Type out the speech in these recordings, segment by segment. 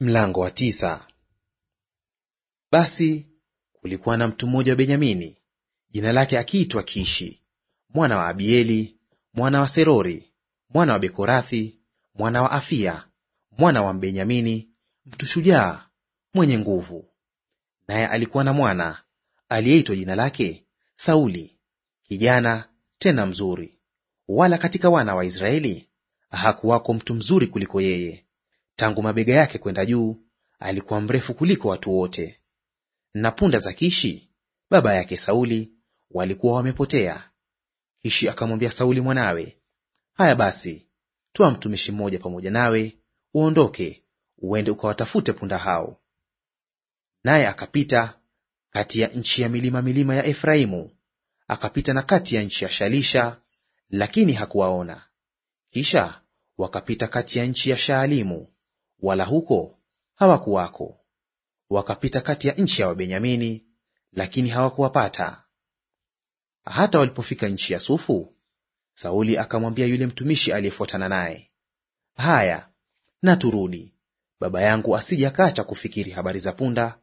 Mlango wa tisa. Basi kulikuwa na mtu mmoja wa Benyamini, jina lake akiitwa Kishi, mwana wa Abieli, mwana wa Serori, mwana wa Bekorathi, mwana wa Afia, mwana wa Mbenyamini, mtu shujaa, mwenye nguvu. Naye alikuwa na mwana aliyeitwa jina lake Sauli, kijana tena mzuri, wala katika wana wa Israeli hakuwako mtu mzuri kuliko yeye. Tangu mabega yake kwenda juu alikuwa mrefu kuliko watu wote. Na punda za Kishi baba yake Sauli walikuwa wamepotea. Kishi akamwambia Sauli mwanawe, haya basi, toa mtumishi mmoja pamoja nawe, uondoke uende ukawatafute punda hao. Naye akapita kati ya nchi ya milima milima ya Efraimu, akapita na kati ya nchi ya Shalisha, lakini hakuwaona. Kisha wakapita kati ya nchi ya Shaalimu, wala huko hawakuwako. Wakapita kati ya nchi ya Wabenyamini, lakini hawakuwapata. Hata walipofika nchi ya Sufu, Sauli akamwambia yule mtumishi aliyefuatana naye, haya na turudi, baba yangu asije akaacha kufikiri habari za punda,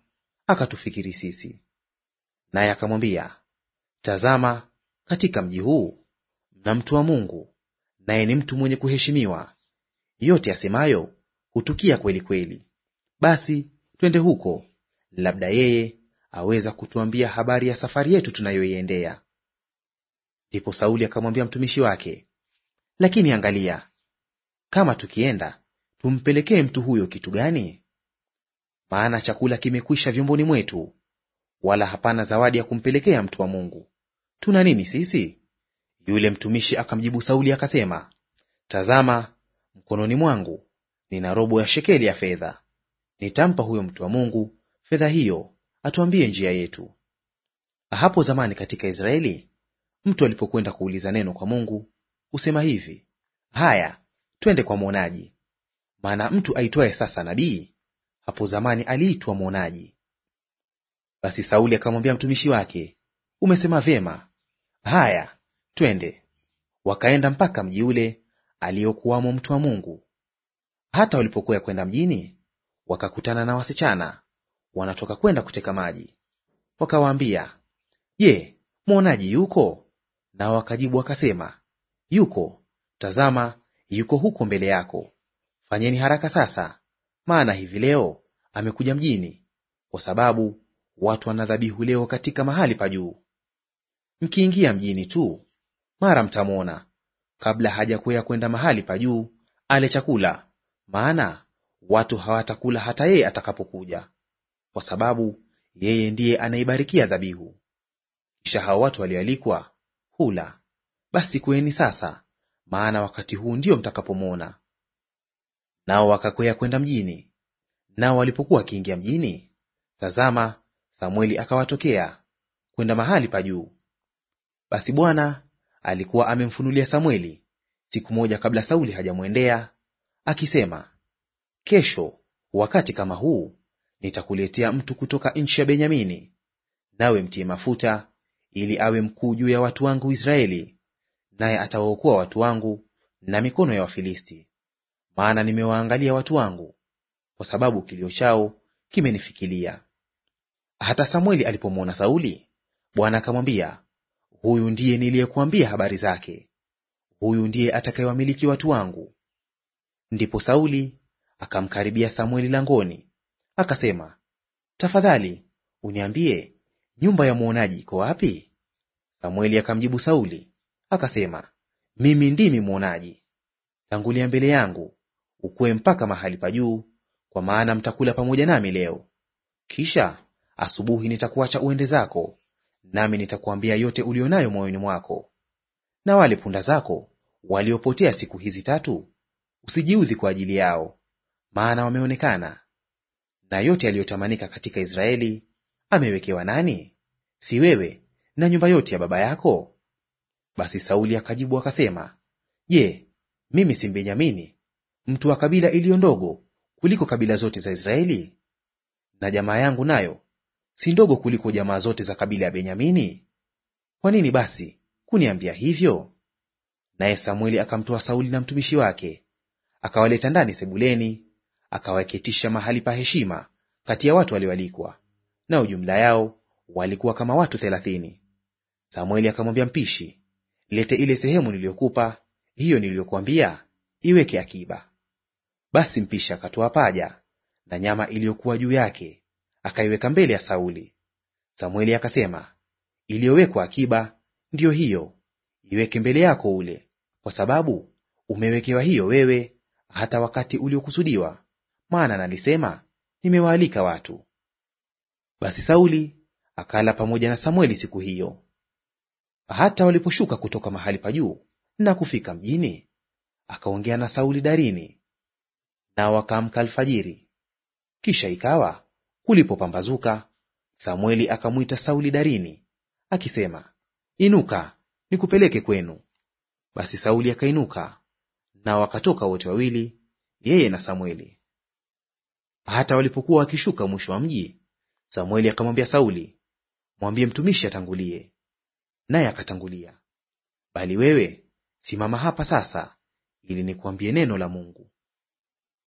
akatufikiri sisi. Naye akamwambia, tazama, katika mji huu mna mtu wa Mungu, naye ni mtu mwenye kuheshimiwa; yote asemayo hutukia kweli kweli. Basi twende huko, labda yeye aweza kutuambia habari ya safari yetu tunayoiendea. Ndipo Sauli akamwambia mtumishi wake, lakini angalia, kama tukienda tumpelekee mtu huyo kitu gani? Maana chakula kimekwisha vyomboni mwetu, wala hapana zawadi ya kumpelekea mtu wa Mungu. Tuna nini sisi? Yule mtumishi akamjibu Sauli akasema, tazama, mkononi mwangu nina robo ya shekeli ya fedha, nitampa huyo mtu wa Mungu fedha hiyo, atuambie njia yetu. Hapo zamani katika Israeli, mtu alipokwenda kuuliza neno kwa Mungu husema hivi, haya, twende kwa mwonaji. Maana mtu aitwaye sasa nabii hapo zamani aliitwa mwonaji. Basi Sauli akamwambia mtumishi wake, umesema vyema, haya, twende. Wakaenda mpaka mji ule aliyokuwamo mtu wa Mungu, hata walipokuwa kwenda mjini, wakakutana na wasichana wanatoka kwenda kuteka maji. Wakawaambia, Je, mwonaji yuko? Nao wakajibu wakasema, Yuko. Tazama, yuko huko mbele yako. Fanyeni haraka sasa, maana hivi leo amekuja mjini, kwa sababu watu wanadhabihu leo katika mahali pa juu. Mkiingia mjini tu, mara mtamwona, kabla hajakwea kwenda mahali pa juu ale chakula maana watu hawatakula hata yeye atakapokuja, kwa sababu yeye ndiye anaibarikia dhabihu. Kisha hao watu walioalikwa hula. Basi kweni sasa, maana wakati huu ndio mtakapomwona. Nao wakakwea kwenda mjini. Nao walipokuwa wakiingia mjini, tazama, Samueli akawatokea kwenda mahali pa juu. Basi Bwana alikuwa amemfunulia Samueli siku moja kabla Sauli hajamwendea akisema, kesho wakati kama huu nitakuletea mtu kutoka nchi ya Benyamini, nawe mtie mafuta ili awe mkuu juu ya watu wangu Israeli, naye atawaokoa watu wangu na mikono ya Wafilisti. Maana nimewaangalia watu wangu, kwa sababu kilio chao kimenifikilia. Hata samueli alipomwona Sauli, Bwana akamwambia, huyu ndiye niliyekuambia habari zake, huyu ndiye atakayewamiliki watu wangu, Ndipo Sauli akamkaribia samueli langoni, akasema, tafadhali uniambie nyumba ya mwonaji iko wapi? samueli akamjibu Sauli akasema, mimi ndimi mwonaji. Tangulia mbele yangu ukue mpaka mahali pa juu, kwa maana mtakula pamoja nami leo. Kisha asubuhi nitakuacha uende zako, nami nitakuambia yote uliyo nayo moyoni mwako. Na wale punda zako waliopotea siku hizi tatu Usijiudhi kwa ajili yao, maana wameonekana. Na yote yaliyotamanika katika Israeli amewekewa nani? Si wewe na nyumba yote ya baba yako? Basi Sauli akajibu akasema, Je, mimi si Mbenyamini, mtu wa kabila iliyo ndogo kuliko kabila zote za Israeli? Na jamaa yangu nayo si ndogo kuliko jamaa zote za kabila ya Benyamini? Kwa nini basi kuniambia hivyo? Naye Samueli akamtoa Sauli na mtumishi wake akawaleta ndani sebuleni, akawaketisha mahali pa heshima kati ya watu walioalikwa, nao jumla yao walikuwa kama watu thelathini. Samueli akamwambia mpishi, lete ile sehemu niliyokupa, hiyo niliyokuambia iweke akiba. Basi mpishi akatoa paja na nyama iliyokuwa juu yake, akaiweka mbele ya Sauli. Samueli akasema, iliyowekwa akiba ndiyo hiyo, iweke mbele yako ule, kwa sababu umewekewa hiyo wewe hata wakati uliokusudiwa, maana nalisema, nimewaalika watu. Basi Sauli akala pamoja na samueli siku hiyo. Hata waliposhuka kutoka mahali pa juu na kufika mjini, akaongea na Sauli darini, nao akaamka alfajiri. Kisha ikawa kulipopambazuka, samueli akamwita Sauli darini akisema, Inuka nikupeleke kwenu. Basi Sauli akainuka na wakatoka wote wawili, yeye na Samueli. Hata walipokuwa wakishuka mwisho wa mji, Samueli akamwambia Sauli, mwambie mtumishi atangulie. Naye akatangulia. Bali wewe simama hapa sasa, ili nikuambie neno la Mungu.